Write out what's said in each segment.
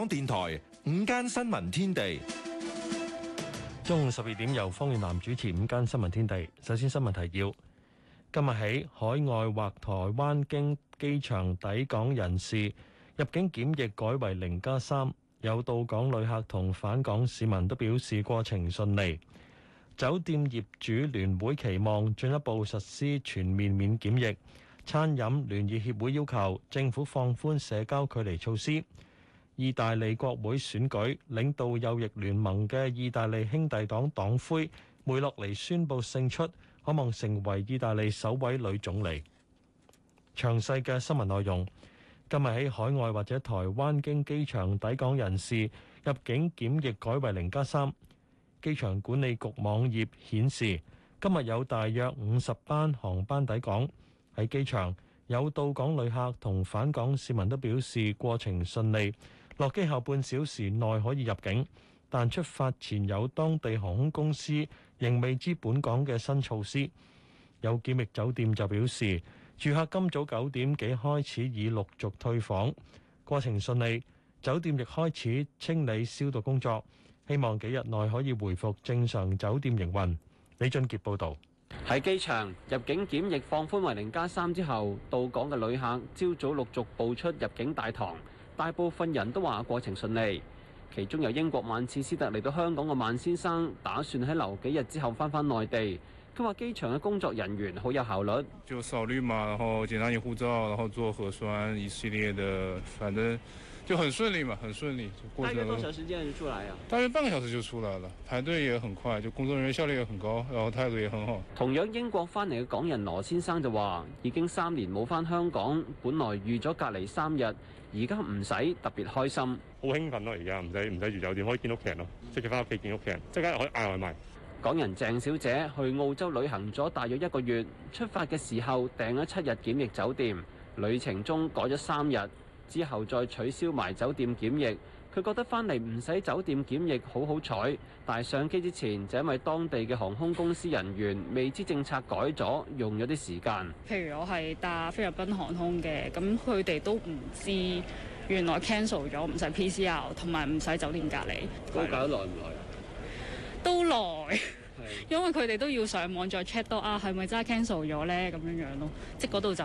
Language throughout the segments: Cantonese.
香港電台午間新聞天地，中午十二點由方遠南主持《午間新聞天地》。首先新聞提要：今日起，海外或台灣經機場抵港人士入境檢疫改為零加三。有到港旅客同返港市民都表示過程順利。酒店業主聯會期望進一步實施全面免檢疫。餐飲聯誼協會要求政府放寬社交距離措施。意大利國會選舉，領導右翼聯盟嘅意大利兄弟黨黨魁梅洛尼宣布勝出，可望成為意大利首位女總理。詳細嘅新聞內容，今日喺海外或者台灣經機場抵港人士入境檢疫改為零加三。機場管理局網頁顯示，今日有大約五十班航班抵港。喺機場有到港旅客同返港市民都表示過程順利。落機後半小時內可以入境，但出發前有當地航空公司仍未知本港嘅新措施。有檢疫酒店就表示，住客今早九點幾開始已陸續退房，過程順利，酒店亦開始清理消毒工作，希望幾日內可以回復正常酒店營運。李俊傑報導。喺機場入境檢疫放寬為零加三之後，到港嘅旅客朝早陸續步出入境大堂。大部分人都話過程順利，其中由英國曼徹斯特嚟到香港嘅曼先生，打算喺留幾日之後翻返內地。佢話機場嘅工作人員好有效率，就掃綠碼嘛，然後檢查你護照，然後做核酸，一系列的，反正就很順利嘛，很順利。大約多長時間就出來呀？大約半個小時就出來了，排隊也很快，就工作人員效率也很高，然後態度也很好。同樣英國返嚟嘅港人羅先生就話：已經三年冇翻香港，本來預咗隔離三日，而家唔使，特別開心，好興奮咯！而家唔使唔使住酒店，可以見屋企人咯，即刻翻屋企見屋企人，即刻可以嗌外賣。港人鄭小姐去澳洲旅行咗大約一個月，出發嘅時候訂咗七日檢疫酒店，旅程中改咗三日，之後再取消埋酒店檢疫。佢覺得翻嚟唔使酒店檢疫好好彩。但係上機之前，就因為當地嘅航空公司人員未知政策改咗，用咗啲時間。譬如我係搭菲律賓航空嘅，咁佢哋都唔知原來 cancel 咗，唔使都耐，因為佢哋都要上網再 check 到啊，係咪真係 cancel 咗呢？咁樣樣咯，即係嗰度就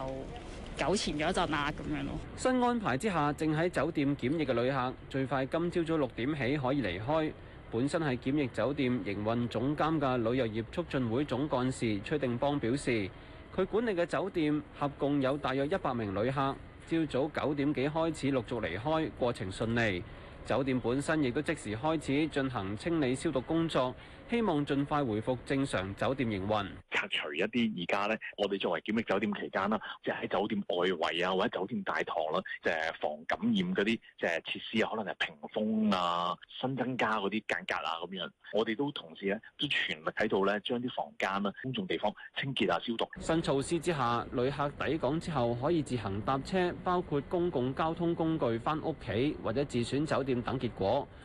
糾纏咗陣啊，咁樣咯。新安排之下，正喺酒店檢疫嘅旅客，最快今朝早六點起可以離開。本身係檢疫酒店營運總監嘅旅遊業促進會總幹事崔定邦表示，佢管理嘅酒店合共有大約一百名旅客，朝早九點幾開始陸續離開，過程順利。酒店本身亦都即時開始進行清理消毒工作。希望盡快恢復正常酒店營運，拆除一啲而家咧，我哋作為檢疫酒店期間啦，即係喺酒店外圍啊，或者酒店大堂啦，即係防感染嗰啲，即係設施啊，可能係屏風啊，新增加嗰啲間隔啊咁樣，我哋都同時咧，都全力喺度咧，將啲房間啊公眾地方清潔啊、消毒。新措施之下，旅客抵港之後可以自行搭車，包括公共交通工具翻屋企或者自選酒店等結果。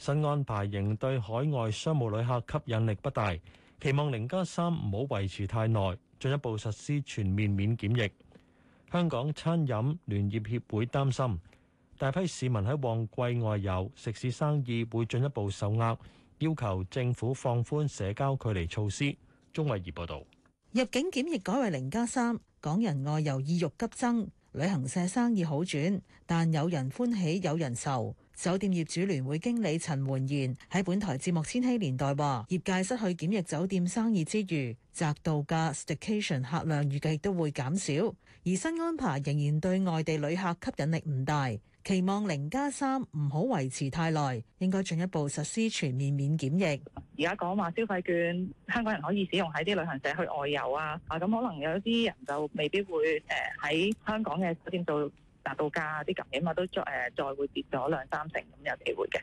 新安排仍對海外商務旅客吸引力不大，期望零加三唔好維持太耐，進一步實施全面免檢疫。香港餐飲聯業協會擔心大批市民喺旺季外遊，食肆生意會進一步受壓，要求政府放寬社交距離措施。鍾偉儀報道。入境檢疫改為零加三，港人外遊意欲急增，旅行社生意好轉，但有人歡喜有人愁。酒店業主聯會經理陳煥賢喺本台節目《千禧年代》話：業界失去檢疫酒店生意之餘，宅度假 Staycation 客量預計都會減少，而新安排仍然對外地旅客吸引力唔大。期望零加三唔好維持太耐，應該進一步實施全面免檢疫。而家講話消費券，香港人可以使用喺啲旅行社去外遊啊！啊，咁可能有啲人就未必會誒喺香港嘅酒店度。達到價啲咁嘅嘛，都再誒再會跌咗兩三成咁有機會嘅。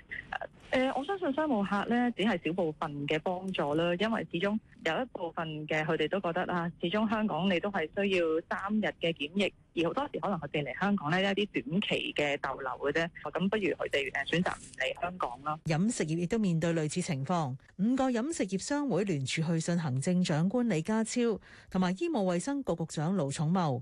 誒，我相信商務客咧只係少部分嘅幫助啦，因為始終有一部分嘅佢哋都覺得啊，始終香港你都係需要三日嘅檢疫，而好多時可能佢哋嚟香港咧一啲短期嘅逗留嘅啫，咁不如佢哋誒選擇唔嚟香港咯。飲食業亦都面對類似情況，五個飲食業商會聯署去信行政長官李家超同埋醫務衛生局局長盧寵茂。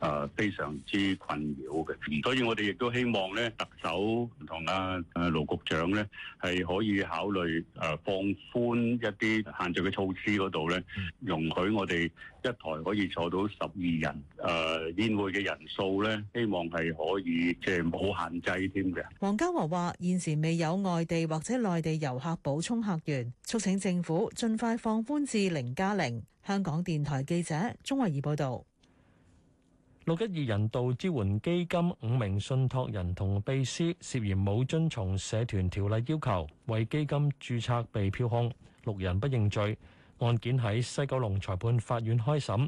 誒非常之困擾嘅，所以我哋亦都希望咧，特首同阿誒盧局長咧，係可以考慮誒放寬一啲限聚嘅措施嗰度咧，容許我哋一台可以坐到十二人誒宴、呃、會嘅人數咧，希望係可以即係冇限制添嘅。黃家和話：現時未有外地或者內地遊客補充客源，促請政府盡快放寬至零加零。香港電台記者鍾慧儀報道。六一二人道支援基金五名信託人同秘書涉嫌冇遵從社團條例要求，為基金注冊被票控，六人不認罪。案件喺西九龍裁判法院開審。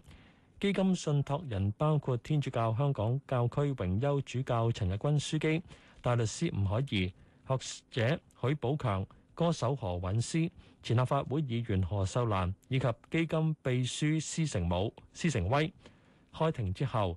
基金信託人包括天主教香港教區榮休主教陳日君樞機、大律師吳靄儀、學者許寶強、歌手何韻詩、前立法會議員何秀蘭以及基金秘書施成武、施成威。開庭之後。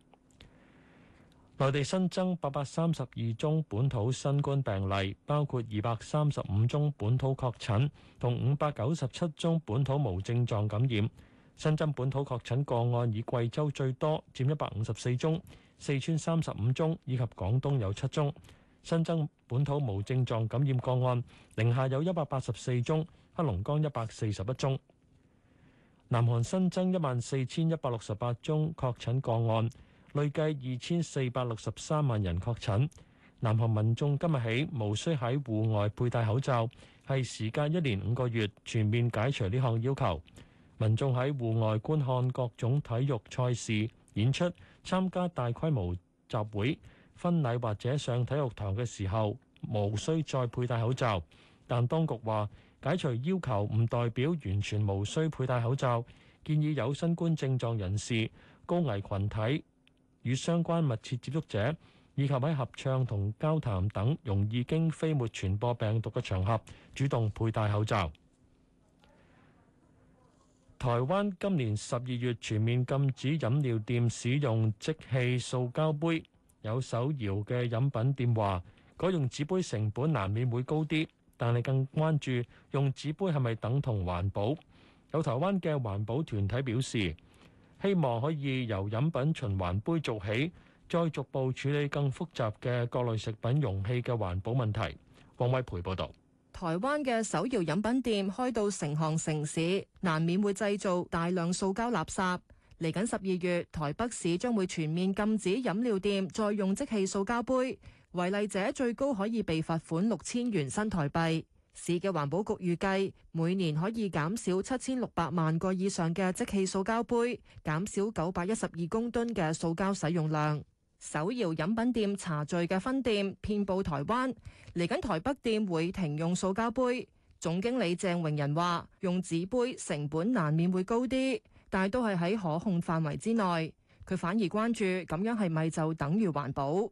內地新增八百三十二宗本土新冠病例，包括二百三十五宗本土確診同五百九十七宗本土無症狀感染。新增本土確診個案以貴州最多，佔一百五十四宗；四川三十五宗，以及廣東有七宗。新增本土無症狀感染個案，寧夏有一百八十四宗，黑龍江一百四十一宗。南韓新增一萬四千一百六十八宗確診個案。累計二千四百六十三萬人確診。南韓民眾今日起無需喺戶外佩戴口罩，係時間一年五個月全面解除呢項要求。民眾喺戶外觀看各種體育賽事、演出、參加大規模集會、婚禮或者上體育堂嘅時候，無需再佩戴口罩。但當局話解除要求唔代表完全無需佩戴口罩，建議有新冠症狀人士、高危群體，與相關密切接觸者，以及喺合唱同交談等容易經飛沫傳播病毒嘅場合，主動佩戴口罩。台灣今年十二月全面禁止飲料店使用即棄塑膠杯，有手搖嘅飲品店話，改用紙杯成本難免會高啲，但係更關注用紙杯係咪等同環保。有台灣嘅環保團體表示：希望可以由飲品循環杯做起，再逐步處理更複雜嘅各類食品容器嘅環保問題。王偉培報導。台灣嘅手搖飲品店開到成行成市，難免會製造大量塑膠垃圾。嚟緊十二月，台北市將會全面禁止飲料店再用即棄塑膠杯，違例者最高可以被罰款六千元新台幣。市嘅環保局預計每年可以減少七千六百萬個以上嘅即棄塑膠杯，減少九百一十二公噸嘅塑膠使用量。手搖飲品店茶聚嘅分店遍佈台灣，嚟緊台北店會停用塑膠杯。總經理鄭榮仁話：用紙杯成本難免會高啲，但係都係喺可控範圍之內。佢反而關注咁樣係咪就等於環保？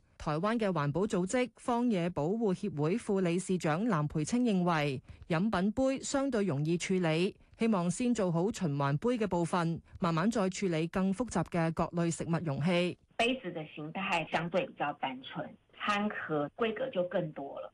台灣嘅環保組織荒野保護協會副理事長藍培青認為，飲品杯相對容易處理，希望先做好循環杯嘅部分，慢慢再處理更複雜嘅各類食物容器。杯子嘅形態相對比較單純，餐盒規格就更多了。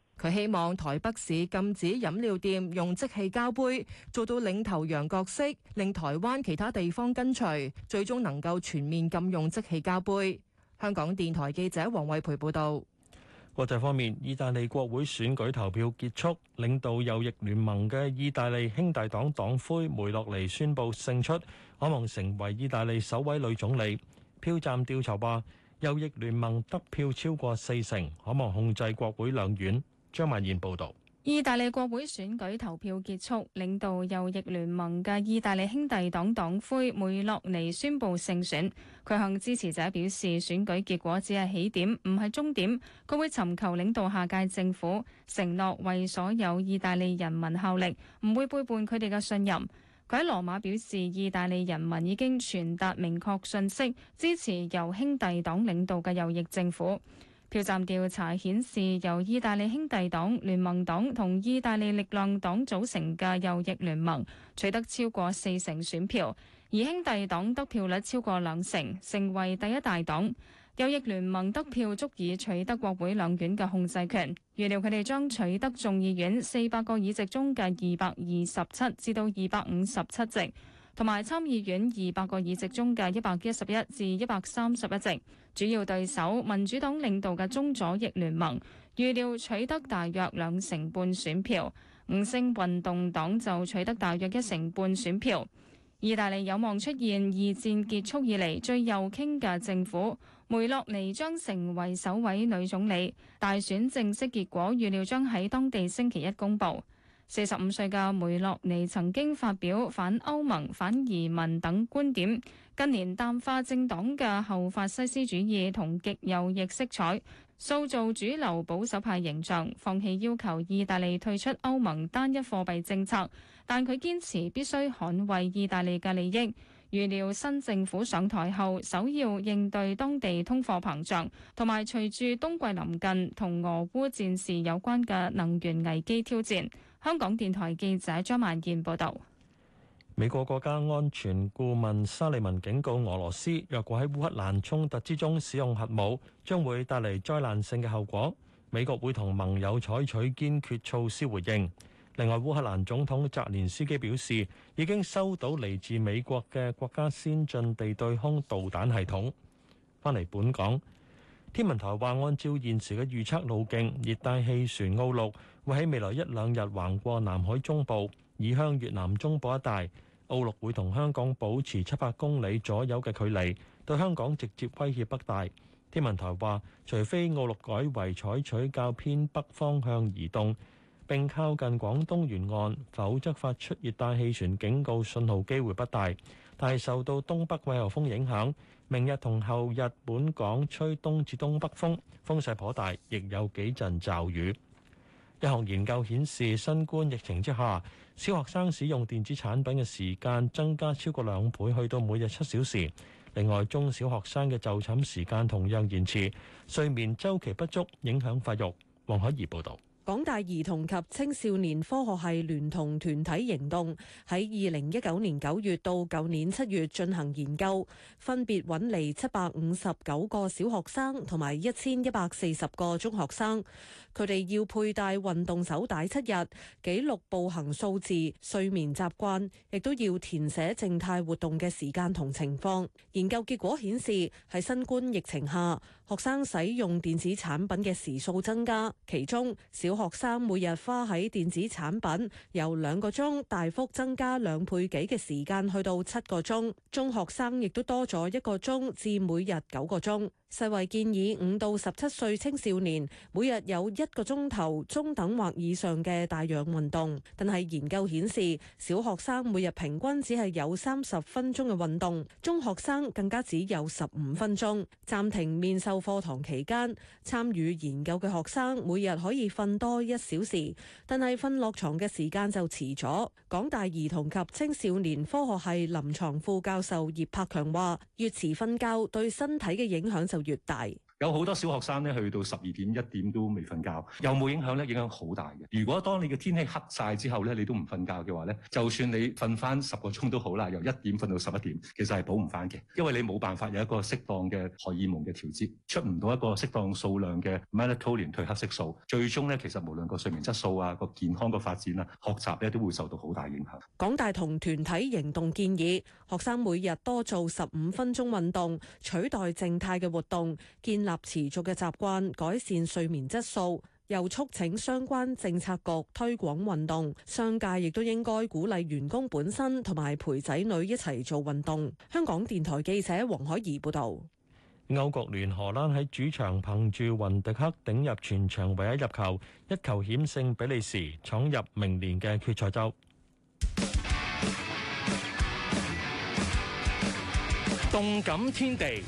佢希望台北市禁止飲料店用即棄膠杯，做到領頭羊角色，令台灣其他地方跟隨，最終能夠全面禁用即棄膠杯。香港電台記者王惠培報導。國際方面，意大利國會選舉投票結束，領導右翼聯盟嘅意大利兄弟黨黨魁梅洛尼宣布勝出，可望成為意大利首位女總理。票站調查話，右翼聯盟得票超過四成，可望控制國會兩院。張曼燕報導，意大利國會選舉投票結束，領導右翼聯盟嘅意大利兄弟黨黨魁梅洛尼宣布勝選。佢向支持者表示，選舉結果只係起點，唔係終點。佢會尋求領導下屆政府，承諾為所有意大利人民效力，唔會背叛佢哋嘅信任。佢喺羅馬表示，意大利人民已經傳達明確信息，支持由兄弟黨領導嘅右翼政府。票站調查顯示，由意大利兄弟黨、聯盟黨同意大利力量黨組成嘅右翼聯盟取得超過四成選票，而兄弟黨得票率超過兩成，成為第一大黨。右翼聯盟得票足以取得國會兩院嘅控制權，預料佢哋將取得眾議院四百個議席中嘅二百二十七至到二百五十七席。同埋參議院二百個議席中嘅一百一十一至一百三十一席，主要對手民主黨領導嘅中左翼聯盟預料取得大約兩成半選票，五星運動黨就取得大約一成半選票。意大利有望出現二戰結束以嚟最右傾嘅政府，梅洛尼將成為首位女總理。大選正式結果預料將喺當地星期一公佈。四十五歲嘅梅洛尼曾經發表反歐盟、反移民等觀點，近年淡化政黨嘅後法西斯主義同極右翼色彩，塑造主流保守派形象。放棄要求意大利退出歐盟單一貨幣政策，但佢堅持必須捍衞意大利嘅利益。預料新政府上台後，首要應對當地通貨膨脹，同埋隨住冬季臨近同俄烏戰事有關嘅能源危機挑戰。香港電台記者張萬健報道：美國國家安全顧問沙利文警告俄羅斯，若果喺烏克蘭衝突之中使用核武，將會帶嚟災難性嘅後果。美國會同盟友採取堅決措施回應。另外，烏克蘭總統澤連斯基表示，已經收到嚟自美國嘅國家先進地對空導彈系統。翻嚟本港，天文台話，按照現時嘅預測路徑，熱帶氣旋奧鹿會喺未來一兩日橫過南海中部，移向越南中部一帶。奧鹿會同香港保持七百公里左右嘅距離，對香港直接威脅不大。天文台話，除非奧鹿改為採取較偏北方向移動，並靠近廣東沿岸，否則發出熱帶氣旋警告信號機會不大。但係受到東北季候風影響，明日同後日本港吹東至東北風，風勢頗大，亦有幾陣驟雨。一項研究顯示，新冠疫情之下，小學生使用電子產品嘅時間增加超過兩倍，去到每日七小時，另外，中小學生嘅就寢時間同樣延遲，睡眠週期不足，影響發育。黃海怡報道，港大兒童及青少年科學系聯同團體行動喺二零一九年九月到舊年七月進行研究，分別揾嚟七百五十九個小學生同埋一千一百四十個中學生。佢哋要佩戴運動手帶七日，記錄步行數字、睡眠習慣，亦都要填寫靜態活動嘅時間同情況。研究結果顯示，喺新冠疫情下，學生使用電子產品嘅時數增加，其中小學生每日花喺電子產品由兩個鐘大幅增加兩倍幾嘅時間，去到七個鐘；中學生亦都多咗一個鐘，至每日九個鐘。世衛建議五到十七歲青少年每日有一個鐘頭中等或以上嘅帶氧運動，但係研究顯示小學生每日平均只係有三十分鐘嘅運動，中學生更加只有十五分鐘。暫停面授課堂期間，參與研究嘅學生每日可以瞓多一小時，但係瞓落床嘅時間就遲咗。港大兒童及青少年科學系臨床副教授葉柏強話：越遲瞓覺對身體嘅影響就。越大。有好多小學生咧，去到十二點一點都未瞓覺，有冇影響呢？影響好大嘅。如果當你嘅天氣黑晒之後咧，你都唔瞓覺嘅話咧，就算你瞓翻十個鐘都好啦，由一點瞓到十一點，其實係補唔翻嘅，因為你冇辦法有一個適當嘅荷爾蒙嘅調節，出唔到一個適當數量嘅 melatonin 褪黑色素，最終咧其實無論個睡眠質素啊，個健康個發展啊，學習咧都會受到好大影響。港大同團體營動建議學生每日多做十五分鐘運動，取代靜態嘅活動，建立習持續嘅習慣，改善睡眠質素，又促請相關政策局推廣運動。商界亦都應該鼓勵員工本身同埋陪仔女一齊做運動。香港電台記者黃海怡報道。歐國聯荷蘭喺主場憑住雲迪克頂入全場唯一入球，一球險勝比利時，闖入明年嘅決賽周。動感天地。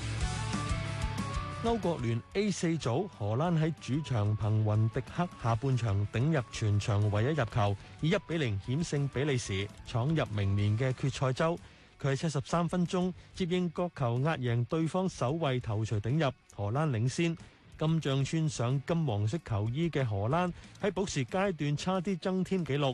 歐國聯 A 四組，荷蘭喺主場憑雲迪克下半場頂入全場唯一入球，以一比零險勝比利時，闖入明年嘅決賽周。佢喺七十三分鐘接應角球壓贏對方守衛頭槌頂入，荷蘭領先。今仗穿上金黃色球衣嘅荷蘭喺補時階段差啲增添紀錄。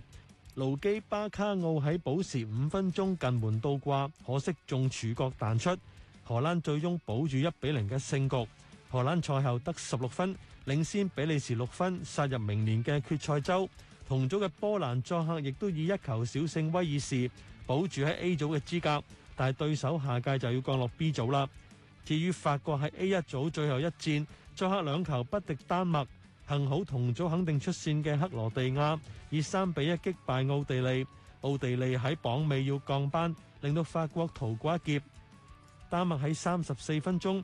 盧基巴卡奧喺補時五分鐘近門倒掛，可惜中柱角彈出。荷蘭最終保住一比零嘅勝局。荷蘭賽後得十六分，領先比利時六分，殺入明年嘅決賽周。同組嘅波蘭作客亦都以一球小勝威爾士，保住喺 A 組嘅資格，但係對手下屆就要降落 B 組啦。至於法國喺 A 一組最後一戰，作客兩球不敵丹麥，幸好同組肯定出線嘅克羅地亞以三比一擊敗奧地利，奧地利喺榜尾要降班，令到法國逃過一劫。丹麥喺三十四分鐘。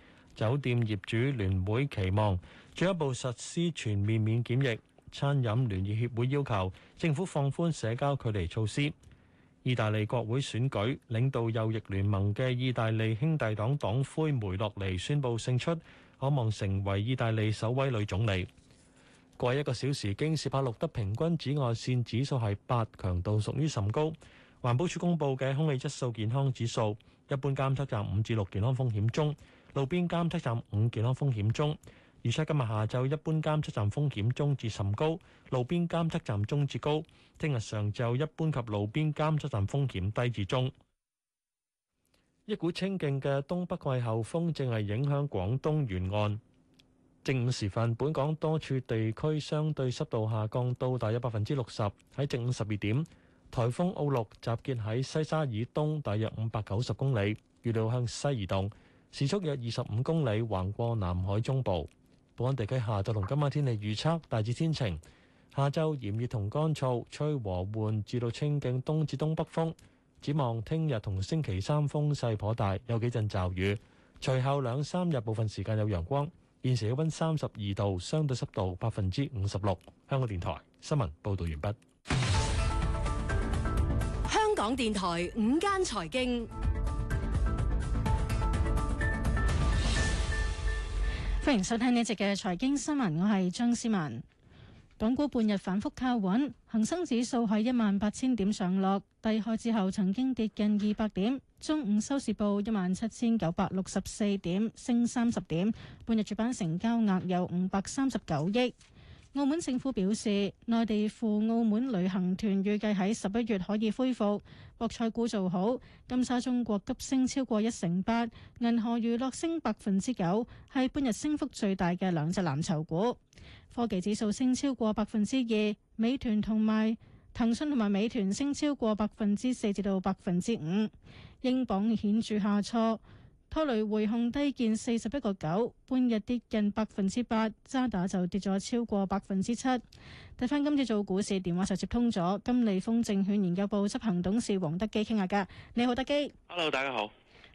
酒店業主聯會期望進一步實施全面免檢疫，餐飲聯議協會要求政府放寬社交距離措施。意大利國會選舉，領導右翼聯盟嘅意大利兄弟黨黨魁梅洛尼宣布勝出，可望成為意大利首位女總理。過一個小時，京士柏錄得平均紫外線指數係八，強度屬於甚高。環保署公布嘅空氣質素健康指數，一般監測站五至六，健康風險中。路邊監測站五，健康風險中，預測今日下晝一般監測站風險中至甚高，路邊監測站中至高。聽日上晝一般及路邊監測站風險低至中。一股清勁嘅東北季候風正係影響廣東沿岸。正午時分，本港多處地區相對濕度下降到大約百分之六十。喺正午十二點，台風奧鹿集結喺西沙以東大約五百九十公里，預料向西移動，時速約二十五公里，橫過南海中部。本港地區下晝同今晚天氣預測大致天晴，下晝炎熱同乾燥，吹和緩至到清勁東至東北風。展望聽日同星期三風勢頗大，有幾陣驟雨。隨後兩三日部分時間有陽光。現時氣温三十二度，相對濕度百分之五十六。香港電台新聞報導完畢。香港電台午間財經。歡迎收聽呢集嘅財經新聞，我係張思文。港股半日反覆靠穩，恒生指數喺一萬八千點上落，低開之後曾經跌近二百點，中午收市報一萬七千九百六十四點，升三十點。半日主板成交額有五百三十九億。澳門政府表示，內地赴澳門旅行團預計喺十一月可以恢復。博彩股做好，金沙中國急升超過一成八，銀河娛樂升百分之九，係半日升幅最大嘅兩隻藍籌股。科技指數升超過百分之二，美團同埋騰訊同埋美團升超過百分之四至到百分之五。英鎊顯著下挫。拖累匯控低見四十一個九，半日跌近百分之八，渣打就跌咗超過百分之七。睇翻，今次做股市電話就接通咗金利豐證券研究部執行董事黃德基傾下噶。你好，德基。Hello，大家好。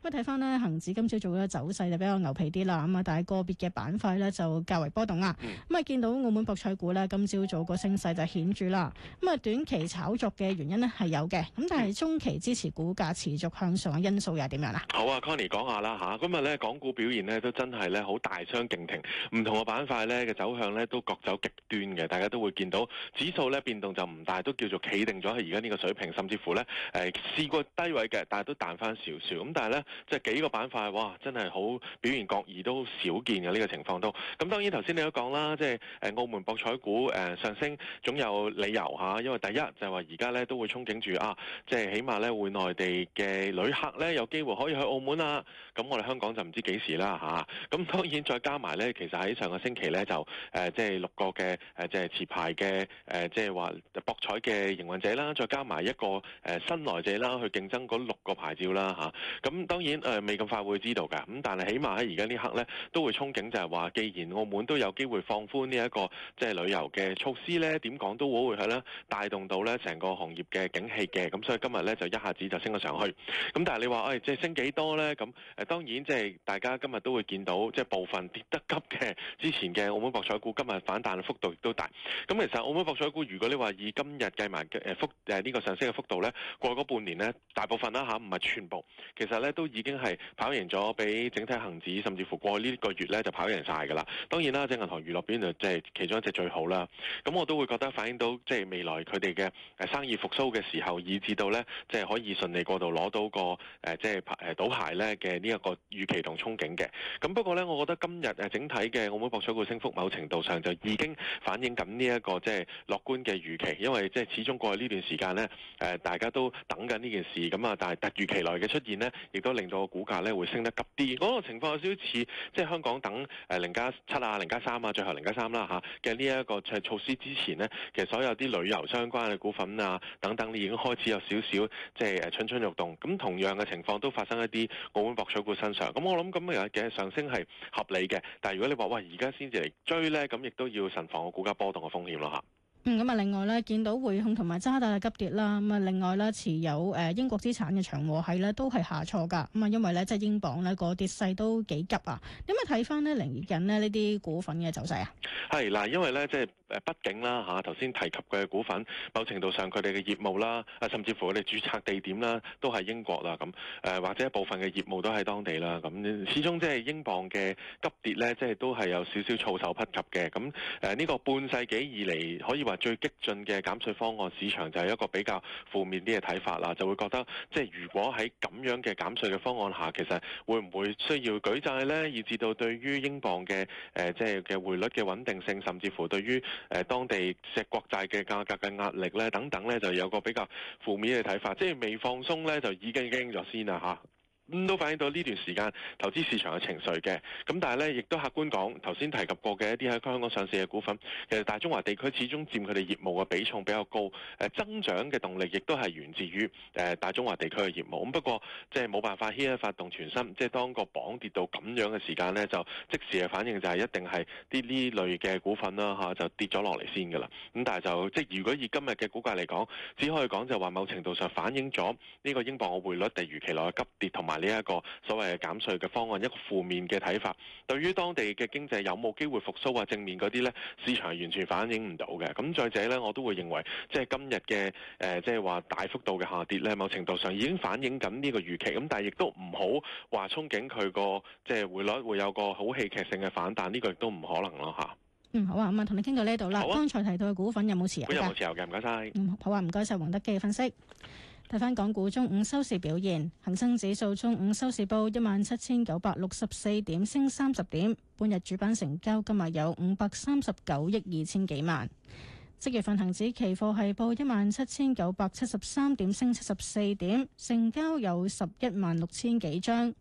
咁睇翻呢恒指今朝早嘅走勢就比較牛皮啲啦，咁啊，但係個別嘅板塊呢就較為波動啊。咁啊、嗯，見到澳門博彩股呢，今朝早個升勢就顯著啦。咁啊，短期炒作嘅原因呢係有嘅，咁但係中期支持股價持續向上嘅因素又係點樣啊？好啊，Connie 講下啦嚇。今日呢港股表現呢都真係呢好大相徑庭，唔同嘅板塊呢嘅走向呢都各走極端嘅，大家都會見到指數呢變動就唔大，都叫做企定咗喺而家呢個水平，甚至乎呢誒試過低位嘅，但係都彈翻少少。咁但係呢。即係幾個板塊，哇！真係好表現各異，都少見嘅呢，這個情況都。咁當然頭先你都講啦，即係誒澳門博彩股誒上升總有理由嚇，因為第一就係話而家咧都會憧憬住啊，即係起碼咧會內地嘅旅客咧有機會可以去澳門啊。咁我哋香港就唔知幾時啦嚇，咁、啊、當然再加埋呢，其實喺上個星期呢，就誒，即、呃、係、就是、六個嘅誒，即、呃、係持牌嘅誒，即係話博彩嘅營運者啦，再加埋一個誒新來者啦，去競爭嗰六個牌照啦嚇。咁、啊、當然誒、呃、未咁快會知道㗎，咁但係起碼喺而家呢刻呢，都會憧憬就係話，既然澳門都有機會放寬呢一個即係旅遊嘅措施呢，點講都會係啦，帶動到呢成個行業嘅景氣嘅，咁所以今日呢，就一下子就升咗上去。咁但係你話誒，即、哎、係升幾多呢？咁當然，即係大家今日都會見到，即係部分跌得急嘅之前嘅澳門博彩股，今日反彈幅度亦都大。咁其實澳門博彩股，如果你話以今日計埋誒幅誒呢個上升嘅幅度咧，過嗰半年咧，大部分啦嚇，唔係全部，其實咧都已經係跑贏咗比整體恒指，甚至乎過呢個月咧就跑贏晒㗎啦。當然啦，即係銀河娛樂邊就即係其中一隻最好啦。咁我都會覺得反映到即係未來佢哋嘅誒生意復甦嘅時候，以至到咧即係可以順利過度攞到個誒即係誒賭牌咧嘅呢個預期同憧憬嘅，咁不過呢，我覺得今日誒整體嘅澳門博彩股升幅，某程度上就已經反映緊呢一個即係樂觀嘅預期，因為即係始終過去呢段時間呢，誒、呃、大家都等緊呢件事咁啊，但係突如其來嘅出現呢，亦都令到個股價呢會升得急啲。嗰、那個情況有少少似即係香港等誒零加七啊、零加三啊、最後零加三啦嚇嘅呢一個措施之前呢，其實所有啲旅遊相關嘅股份啊等等已經開始有少少即係蠢蠢欲動。咁同樣嘅情況都發生一啲澳門博彩。身上，咁我諗咁樣嘅上升係合理嘅，但係如果你話喂，而家先至嚟追咧，咁亦都要慎防個股價波動嘅風險咯吓。嗯，咁啊，另外咧見到匯控同埋渣打嘅急跌啦，咁啊，另外咧持有誒英國資產嘅長和係咧都係下挫噶，咁啊，因為咧即係英鎊咧個跌勢都幾急啊。點解睇翻咧嚟緊咧呢啲股份嘅走勢啊？係嗱，因為咧即係。誒，畢竟啦嚇，頭先提及嘅股份，某程度上佢哋嘅業務啦，啊，甚至乎佢哋註冊地點啦，都係英國啦，咁誒，或者一部分嘅業務都喺當地啦，咁始終即係英鎊嘅急跌呢，即係都係有少少措手不及嘅。咁誒，呢個半世紀以嚟可以話最激進嘅減稅方案，市場就係一個比較負面啲嘅睇法啦，就會覺得即係如果喺咁樣嘅減稅嘅方案下，其實會唔會需要舉債呢？以至到對於英鎊嘅誒即係嘅匯率嘅穩定性，甚至乎對於誒、呃，當地石國債嘅價格嘅壓力咧，等等咧，就有個比較負面嘅睇法，即係未放鬆咧，就已經驚咗先啦吓。都反映到呢段時間投資市場嘅情緒嘅，咁但係咧，亦都客觀講頭先提及過嘅一啲喺香港上市嘅股份，其實大中華地區始終佔佢哋業務嘅比重比較高，誒增長嘅動力亦都係源自於誒大中華地區嘅業務，咁不過即係冇辦法牽一髮動全身，即係當個榜跌到咁樣嘅時間咧，就即時嘅反應就係一定係啲呢類嘅股份啦吓就跌咗落嚟先噶啦。咁但係就即係如果以今日嘅估價嚟講，只可以講就話某程度上反映咗呢個英鎊嘅匯率喺期內嘅急跌，同埋。呢一個所謂減稅嘅方案，一個負面嘅睇法，對於當地嘅經濟有冇機會復甦啊？正面嗰啲呢，市場係完全反映唔到嘅。咁再者呢，我都會認為，即係今日嘅誒，即係話大幅度嘅下跌呢，某程度上已經反映緊呢個預期。咁但係亦都唔好話憧憬佢個即係匯率會有個好戲劇性嘅反彈，呢、這個亦都唔可能咯嚇。嗯，好啊，咁、嗯、啊，同你傾到呢度啦。好。剛才提到嘅股份有冇持有，有冇持有嘅，唔該晒。好啊，唔該晒。黃德基嘅分析。睇返港股中午收市表現，恒生指數中午收市報一萬七千九百六十四點，升三十點。半日主板成交今日有五百三十九億二千幾萬。即月份恒指期貨係報一萬七千九百七十三點，升七十四點，成交有十一萬六千幾張。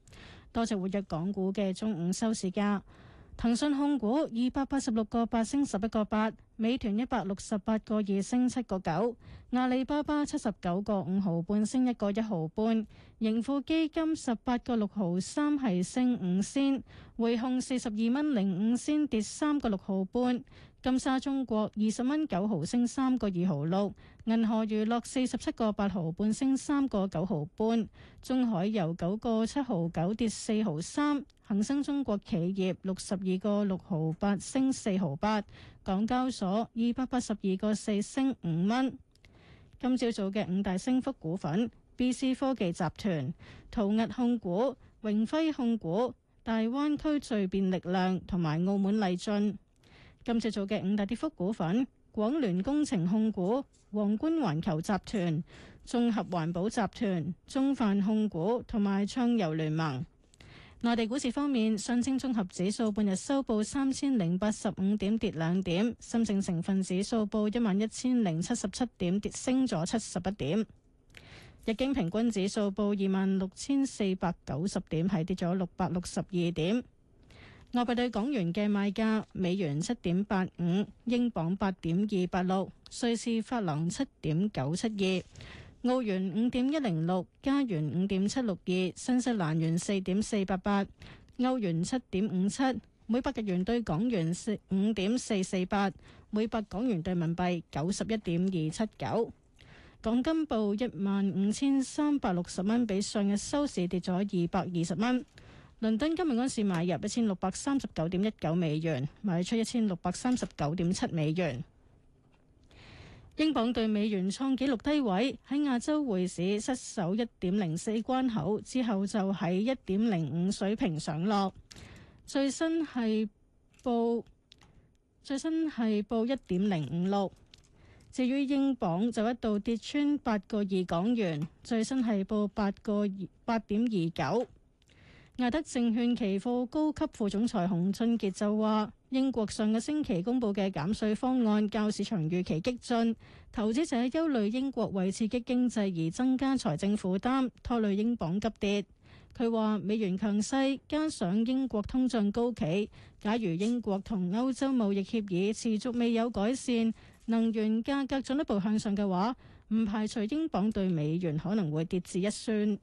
多謝活躍港股嘅中午收市價。騰訊控股二百八十六個八升十一個八，美團一百六十八個二升七個九，阿里巴巴七十九個五毫半升一個一毫半，盈富基金十八個六毫三係升五仙，匯控四十二蚊零五仙跌三個六毫半。金沙中國二十蚊九毫升三個二毫六，銀河娛樂四十七個八毫半升三個九毫半，中海油九個七毫九跌四毫三，恒生中國企業六十二個六毫八升四毫八，港交所二百八十二個四升五蚊。今朝早嘅五大升幅股份：BC 科技集團、淘玉控，控股、榮輝控股、大灣區聚變力量同埋澳門麗駿。今次做嘅五大跌幅股份：廣聯工程控股、皇冠環球集團、綜合環保集團、中泛控股同埋暢遊聯盟。內地股市方面，上證綜合指數半日收報三千零八十五點，跌兩點，深證成分指數報一萬一千零七十七點，跌升咗七十一點，日經平均指數報二萬六千四百九十點，係跌咗六百六十二點。外幣對港元嘅賣價：美元七點八五，英鎊八點二八六，瑞士法郎七點九七二，澳元五點一零六，加元五點七六二，新西蘭元四點四八八，歐元七點五七，每百日元對港元四五點四四八，每百港元對人民幣九十一點二七九。港金報一萬五千三百六十蚊，比上日收市跌咗二百二十蚊。倫敦今日開市買入一千六百三十九點一九美元，賣出一千六百三十九點七美元。英鎊兌美元創紀錄低位，喺亞洲匯市失守一點零四關口之後，就喺一點零五水平上落。最新係報，最新係報一點零五六。至於英鎊就一度跌穿八個二港元，最新係報八個八點二九。亞德證券期貨高級副總裁洪俊傑就話：英國上個星期公布嘅減稅方案較市場預期激進，投資者憂慮英國為刺激經濟而增加財政負擔，拖累英鎊急跌。佢話美元強勢加上英國通脹高企，假如英國同歐洲貿易協議持續未有改善，能源價格進一步向上嘅話，唔排除英鎊對美元可能會跌至一算。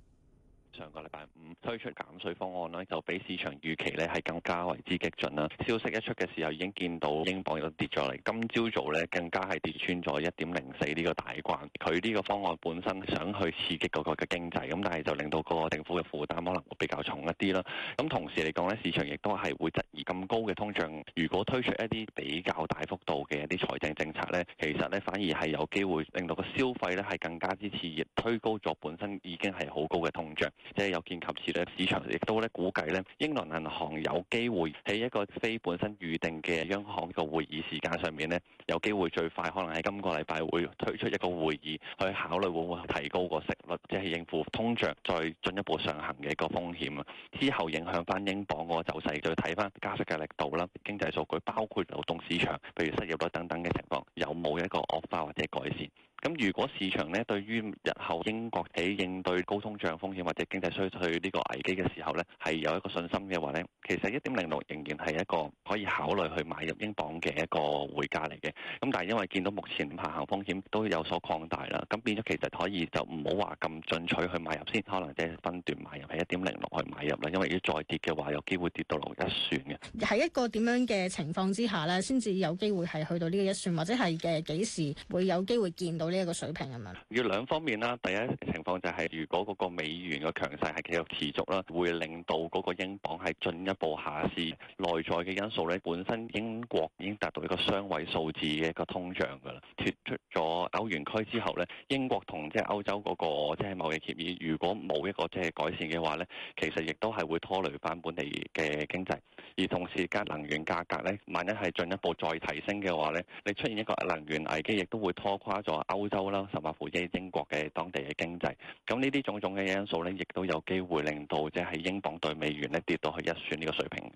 上個禮拜五推出減稅方案呢就比市場預期呢係更加為之激進啦。消息一出嘅時候已經見到英鎊都跌咗嚟，今朝早呢，更加係跌穿咗一點零四呢個大關。佢呢個方案本身想去刺激嗰個嘅經濟，咁但係就令到個政府嘅負擔可能會比較重一啲啦。咁同時嚟講呢，市場亦都係會質疑咁高嘅通脹，如果推出一啲比較大幅度嘅一啲財政政策呢，其實呢反而係有機會令到個消費呢係更加之熾熱，推高咗本身已經係好高嘅通脹。即係有見及時咧，市場亦都咧估計咧，英倫銀行有機會喺一個非本身預定嘅央行個會議時間上面咧，有機會最快可能喺今個禮拜會推出一個會議去考慮會唔會提高個息率，即係應付通脹再進一步上行嘅一個風險啊。之後影響翻英鎊個走勢，再睇翻加息嘅力度啦、經濟數據，包括勞動市場，譬如失業率等等嘅情況有冇一個惡化、er、或者改善？咁如果市場咧對於日後英國喺應對高通脹風險或者經濟衰退呢個危機嘅時候咧，係有一個信心嘅話咧，其實一點零六仍然係一個可以考慮去買入英鎊嘅一個匯價嚟嘅。咁但係因為見到目前下行風險都有所擴大啦，咁變咗其實可以就唔好話咁進取去買入先，可能即係分段買入喺一點零六去買入啦。因為如果再跌嘅話，有機會跌到落一算嘅。喺一個點樣嘅情況之下咧，先至有機會係去到呢個一算，或者係嘅幾時會有機會見到？呢一個水平係咪？是是要兩方面啦。第一情況就係、是，如果嗰個美元嘅強勢係繼續持續啦，會令到嗰個英鎊係進一步下瀉。內在嘅因素咧，本身英國已經達到一個雙位數字嘅一個通脹㗎啦。脫出咗歐元區之後咧，英國同即係歐洲嗰、那個即係、就是、貿易協議，如果冇一個即係改善嘅話咧，其實亦都係會拖累返本地嘅經濟。而同時，間能源價格咧，萬一係進一步再提升嘅話咧，你出現一個能源危機，亦都會拖垮咗歐洲啦，甚至乎英國嘅當地嘅經濟。咁呢啲種種嘅因素咧，亦都有機會令到即係英鎊對美元咧跌到去一算呢個水平。